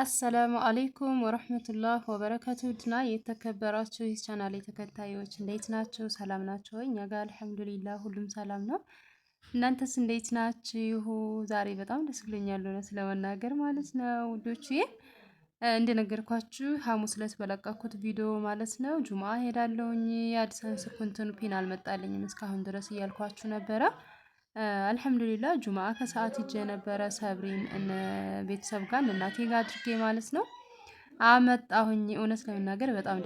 አሰላሙ አሌይኩም ወረህመቱላህ ወበረከቱ ድና የተከበራችሁ ይህ ቻናል የተከታዮች እንዴት ናችሁ? ሰላም ናችሁ እኛ ጋር አልሐምዱሊላ ሁሉም ሰላም ነው። እናንተስ እንዴት ናችሁ? ዛሬ በጣም ደስ ብሎኛል ስለመናገር ማለት ነው ውዶች። እንደነገርኳችሁ ሐሙስ ዕለት በለቀኩት ቪዲዮ ማለት ነው ጁምአ ሄዳለሁኝ አዲስ አበባ ስንት ፒን አልመጣልኝም እስካሁን ድረስ እያልኳችሁ ነበረ አልሐምዱሊላ ጁማአ ከሰዓት ይጀ ነበረ ሰብሪን ቤተሰብ ጋር እናቴ ጋር አድርጌ ማለት ነው አመጣሁኝ። እውነት ለመናገር በጣም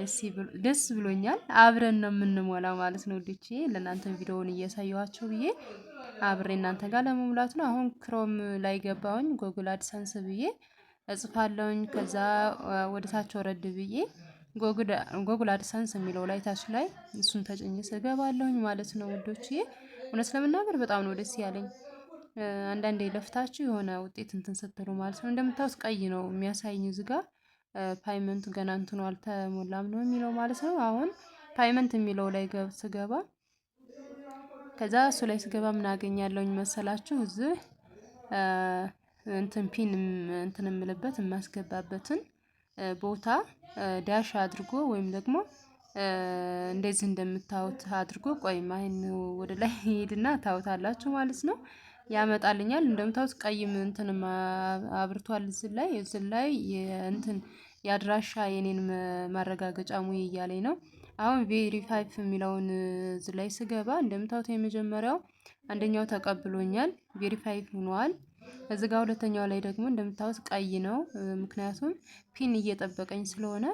ደስ ብሎኛል። አብረን ነው የምንሞላው ማለት ነው ልጅ ለእናንተ ቪዲዮውን እያሳየኋቸው ብዬ አብሬ እናንተ ጋር ለመሙላት ነው። አሁን ክሮም ላይ ገባሁኝ። ጎግል አድሰንስ ብዬ እጽፋለሁኝ። ከዛ ወደታች ወረድ ብዬ ጎግል አድሰንስ የሚለው ላይ ታች ላይ እሱን ተጭኜ ስገባለሁኝ ማለት ነው ውዶችዬ። እውነት ለመናገር በጣም ነው ደስ ያለኝ። አንዳንዴ ለፍታችሁ የሆነ ውጤት እንትን ስትሉ ማለት ነው። እንደምታዩት ቀይ ነው የሚያሳይኝ እዚህ ጋ ፓይመንቱ ገና እንትኑ አልተሞላም ነው የሚለው ማለት ነው። አሁን ፓይመንት የሚለው ላይ ስገባ ከዛ እሱ ላይ ስገባ ምን አገኛለሁኝ መሰላችሁ? እዚህ እንትን ፒን እንትን የምልበት የማስገባበትን ቦታ ዳሽ አድርጎ ወይም ደግሞ እንደዚህ እንደምታዩት አድርጎ ቆይ ማይን ወደ ላይ ሄድና ታውታላችሁ ማለት ነው። ያመጣልኛል እንደምታዩት ቀይም እንትን አብርቷል። እዚህ ላይ እዚህ ላይ እንትን የአድራሻ የኔን ማረጋገጫ ሙይ እያለኝ ነው። አሁን ቬሪፋይ የሚለውን እዚህ ላይ ስገባ እንደምታዩት የመጀመሪያው አንደኛው ተቀብሎኛል፣ ቬሪፋይ ሆኗል። እዚህ ጋር ሁለተኛው ላይ ደግሞ እንደምታዩት ቀይ ነው፣ ምክንያቱም ፒን እየጠበቀኝ ስለሆነ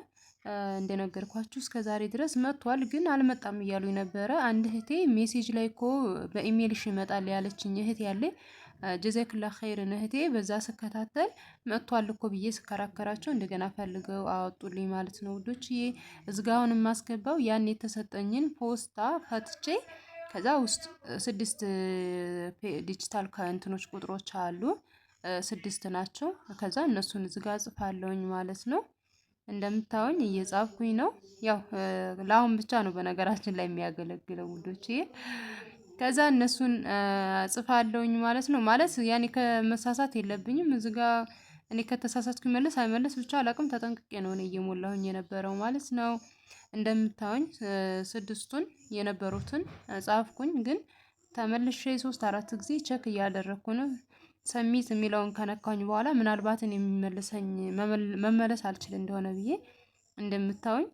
እንደነገርኳችሁ እስከ ዛሬ ድረስ መጥቷል፣ ግን አልመጣም እያሉ ነበረ። አንድ እህቴ ሜሴጅ ላይ እኮ ሽ ይመጣል ያለችኝ እህት ያለ ጀዘክላ ኸይርን እህቴ፣ በዛ ስከታተል መጥቷል እኮ ብዬ ስከራከራቸው እንደገና ፈልገው አወጡልኝ ማለት ነው ውዶች። እዝጋውን የማስገባው ያን የተሰጠኝን ፖስታ ፈትቼ ከዛ ውስጥ ስድስት ዲጂታል ከእንትኖች ቁጥሮች አሉ፣ ስድስት ናቸው። ከዛ እነሱን እዝጋ ጽፋለውኝ ማለት ነው። እንደምታዩኝ እየጻፍኩኝ ነው። ያው ለአሁን ብቻ ነው በነገራችን ላይ የሚያገለግለው ውዶች። ከዛ እነሱን ጽፋለውኝ ማለት ነው። ማለት ያኔ ከመሳሳት የለብኝም እዚህ ጋር እኔ ከተሳሳትኩ መለስ አይመለስ ብቻ አላቅም። ተጠንቅቄ ነው እኔ እየሞላሁኝ የነበረው ማለት ነው። እንደምታውኝ ስድስቱን የነበሩትን ጻፍኩኝ፣ ግን ተመልሼ ሶስት አራት ጊዜ ቸክ እያደረግኩ ነው። ሰሚት የሚለውን ከነካኝ በኋላ ምናልባት እኔ የሚመልሰኝ መመለስ አልችል እንደሆነ ብዬ እንደምታዩኝ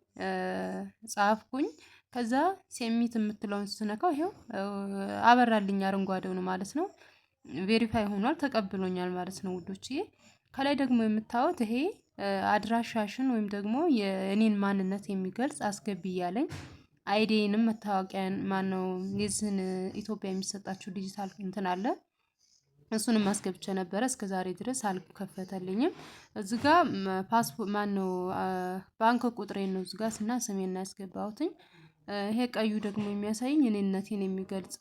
ጻፍኩኝ። ከዛ ሴሚት የምትለውን ስነካው ይሄው አበራልኝ አረንጓዴውን ማለት ነው። ቬሪፋይ ሆኗል ተቀብሎኛል ማለት ነው ውዶችዬ። ከላይ ደግሞ የምታዩት ይሄ አድራሻሽን ወይም ደግሞ የእኔን ማንነት የሚገልጽ አስገቢ እያለኝ አይዲንም ማን ማነው የዚህን ኢትዮጵያ የሚሰጣችሁ ዲጂታል እንትን አለ እሱንም አስገብቼ ነበረ እስከ ዛሬ ድረስ አልከፈተልኝም። እዚ ጋ ፓስፖርት ማነው ባንክ ቁጥሬን ነው እዚህ ጋ ስና ስሜን ያስገባሁትኝ። ይሄ ቀዩ ደግሞ የሚያሳይኝ እኔነቴን የሚገልጽ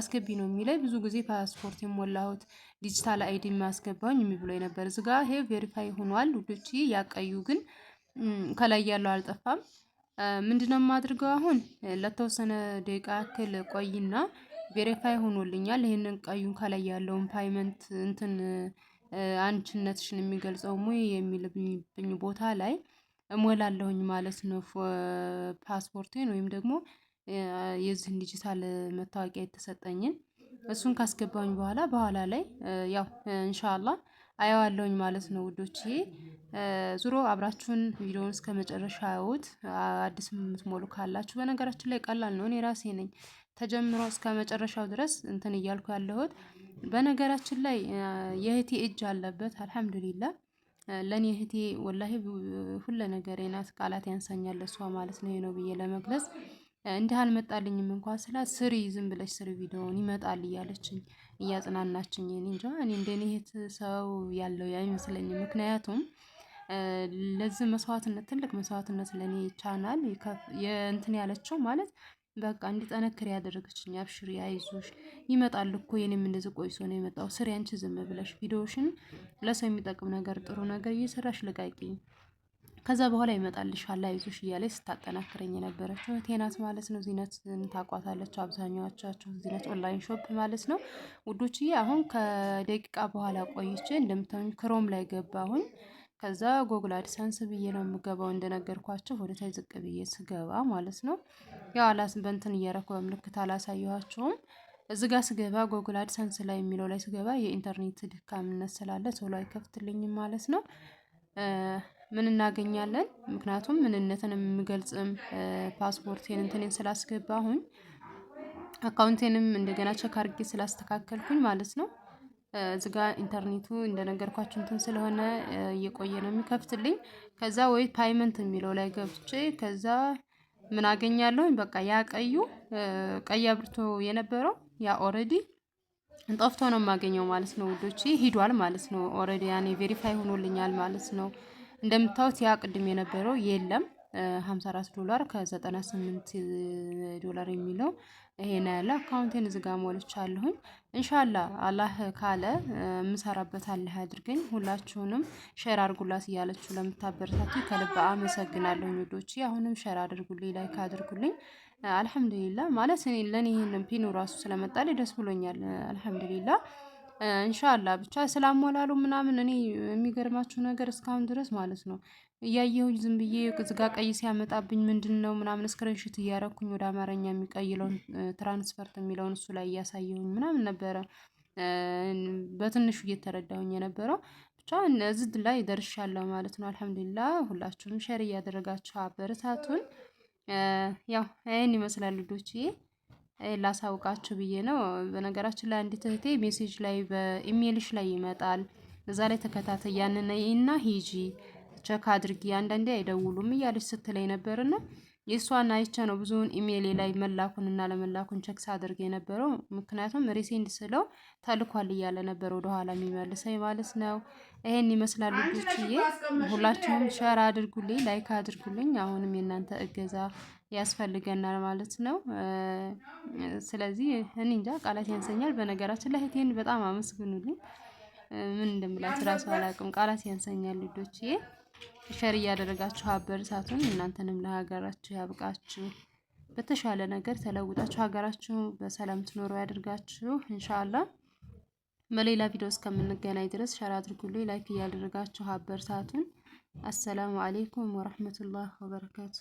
አስገቢ ነው የሚለኝ። ብዙ ጊዜ ፓስፖርት የሞላሁት ዲጂታል አይዲ የሚያስገባኝ የሚብሎ ነበር። እዚ ጋ ይሄ ቬሪፋይ ሆኗል ውዶች። ያቀዩ ግን ከላይ ያለው አልጠፋም። ምንድነው የማድርገው አሁን ለተወሰነ ደቂቃ ያክል ቆይና ቬሪፋይ ሆኖልኛል። ይህንን ቀዩን ከላይ ያለውን ፓይመንት እንትን አንቺነትሽን የሚገልጸው ሙይ የሚልብኝ ቦታ ላይ እሞላለሁኝ ማለት ነው። ፓስፖርቴን ወይም ደግሞ የዚህን ዲጂታል መታወቂያ የተሰጠኝን እሱን ካስገባኝ በኋላ በኋላ ላይ ያው እንሻላ አየዋለሁኝ ማለት ነው ውዶችዬ። ዙሮ አብራችሁን ቪዲዮውን እስከ መጨረሻ አዲስ የምትሞሉ ካላችሁ በነገራችን ላይ ቀላል ነው፣ እኔ ራሴ ነኝ ተጀምሮ እስከ መጨረሻው ድረስ እንትን እያልኩ ያለሁት። በነገራችን ላይ የእህቴ እጅ አለበት። አልሐምዱሊላ ለእኔ እህቴ ወላሂ ሁለ ነገር ናት። ቃላት ያንሳኛል እሷ ማለት ነው ነው ብዬ ለመግለጽ እንዲህ አልመጣልኝም እንኳን ስላት ስሪ ዝም ብለሽ ስሪ ቪዲዮውን ይመጣል እያለችኝ እያጽናናችኝ፣ እንጃ እኔ እንደኔ እህት ሰው ያለው አይመስለኝም። ምክንያቱም ለዚህ መስዋዕትነት ትልቅ መስዋዕትነት ለእኔ ቻናል የእንትን ያለችው ማለት በቃ እንዲጠነክር ያደረገችኝ። አብሽሪ አይዞሽ ይመጣል እኮ የኔም እንደዚህ ቆይሶ ነው የመጣው። ስሪ አንቺ ዝም ብለሽ ቪዲዮሽን ለሰው የሚጠቅም ነገር ጥሩ ነገር እየሰራሽ ልቃቂ። ከዛ በኋላ ይመጣልሻል አይዞሽ እያለች ስታጠናክረኝ የነበረችው ቴናት ማለት ነው። ዚነት ታቋታለች አብዛኛዎቻችሁ ዚነት ኦንላይን ሾፕ ማለት ነው ውዶችዬ። አሁን ከደቂቃ በኋላ ቆይቼ እንደምታዩኝ ክሮም ላይ ገባሁኝ። ከዛ ጎግል አድሰንስ ብዬ ነው የምገባው እንደነገርኳችሁ ወደ ታች ዝቅ ብዬ ስገባ ማለት ነው። ያው አላስ በእንትን እያረኩ በምልክት አላሳየኋችሁም። እዚ ጋር ስገባ ጎግል አድሰንስ ላይ የሚለው ላይ ስገባ የኢንተርኔት ድካምነት ስላለ ቶሎ አይከፍትልኝም ማለት ነው። ምን እናገኛለን? ምክንያቱም ምንነትን የምገልጽም ፓስፖርቴን እንትኔን ስላስገባሁኝ አካውንቴንም እንደገና ቸክ አድርጌ ስላስተካከልኩኝ ማለት ነው እዚጋ ኢንተርኔቱ እንደነገርኳችሁ እንትን ስለሆነ እየቆየ ነው የሚከፍትልኝ። ከዛ ወይ ፓይመንት የሚለው ላይ ገብቼ ከዛ ምን አገኛለሁኝ? በቃ ያ ቀዩ ቀይ አብርቶ የነበረው ያ ኦልሬዲ ጠፍቶ ነው የማገኘው ማለት ነው ውዶች፣ ሂዷል ማለት ነው ኦልሬዲ ያኔ ቬሪፋይ ሆኖልኛል ማለት ነው። እንደምታዩት ያ ቅድም የነበረው የለም። 54 ዶላር ከ98 ዶላር የሚለው ይሄ ነው ያለ። አካውንቴን እዚህ ጋር ሞልቻለሁኝ። እንሻላ አላህ ካለ የምሰራበት አለህ አድርገኝ። ሁላችሁንም ሼር አድርጉላት እያለችሁ ለምታበረታቱ ከልብ አመሰግናለሁኝ። ውዶች አሁንም ሼር አድርጉልኝ፣ ላይክ አድርጉልኝ። አልሐምዱሊላ ማለት እኔ ለእኔ ይህንን ፒኑ ራሱ ስለመጣልኝ ደስ ብሎኛል። አልሐምዱሊላ እንሻላ ብቻ ስላሞላሉ ምናምን እኔ የሚገርማችሁ ነገር እስካሁን ድረስ ማለት ነው እያየሁኝ ዝም ብዬ ዝጋ ቀይ ሲያመጣብኝ ምንድን ነው ምናምን እስክሪንሽት እያረኩኝ ወደ አማርኛ የሚቀይለውን ትራንስፈርት የሚለውን እሱ ላይ እያሳየሁኝ ምናምን ነበረ በትንሹ እየተረዳሁኝ የነበረው። ብቻ እዚህ ላይ ደርሻለሁ ማለት ነው። አልሐምዱሊላ ሁላችሁም ሸር እያደረጋችሁ አበረታቱን። ያው ይህን ይመስላል ልጆችዬ ላሳውቃችሁ ብዬ ነው። በነገራችን ላይ አንዲት እህቴ ሜሴጅ ላይ በኢሜይልሽ ላይ ይመጣል እዛ ላይ ተከታተያንን እና ሂጂ ቸክ አድርጊ አንዳንዴ አይደውሉም እያለች ስትለኝ ነበርና የእሷን አይቼ ነው ብዙውን ኢሜሌ ላይ መላኩንና ለመላኩን ቸክ ሳድርግ የነበረው። ምክንያቱም ሪሴንድ ስለው ተልኳል እያለ ነበር ወደኋላ የሚመልሰኝ ማለት ነው። ይሄን ይመስላል ልጆችዬ። ሁላችሁም ሸር አድርጉልኝ፣ ላይክ አድርጉልኝ። አሁንም የእናንተ እገዛ ያስፈልገናል ማለት ነው። ስለዚህ እኔ እንጃ ቃላት ያንሰኛል። በነገራችን ላይ እህቴን በጣም አመስግኑልኝ። ምን እንደምላችሁ ራሱ አላውቅም። ቃላት ያንሰኛል ልጆችዬ። ሸር እያደረጋችሁ አበረታቱን። እናንተንም ለሀገራችሁ ያብቃችሁ። በተሻለ ነገር ተለውጣችሁ ሀገራችሁ በሰላም ትኖሩ ያደርጋችሁ እንሻላ። በሌላ ቪዲዮ እስከምንገናኝ ድረስ ሸር አድርጉልኝ፣ ላይክ እያደረጋችሁ አበረታቱን። አሰላሙ አሌይኩም ወረህመቱላህ ወበረካቱ።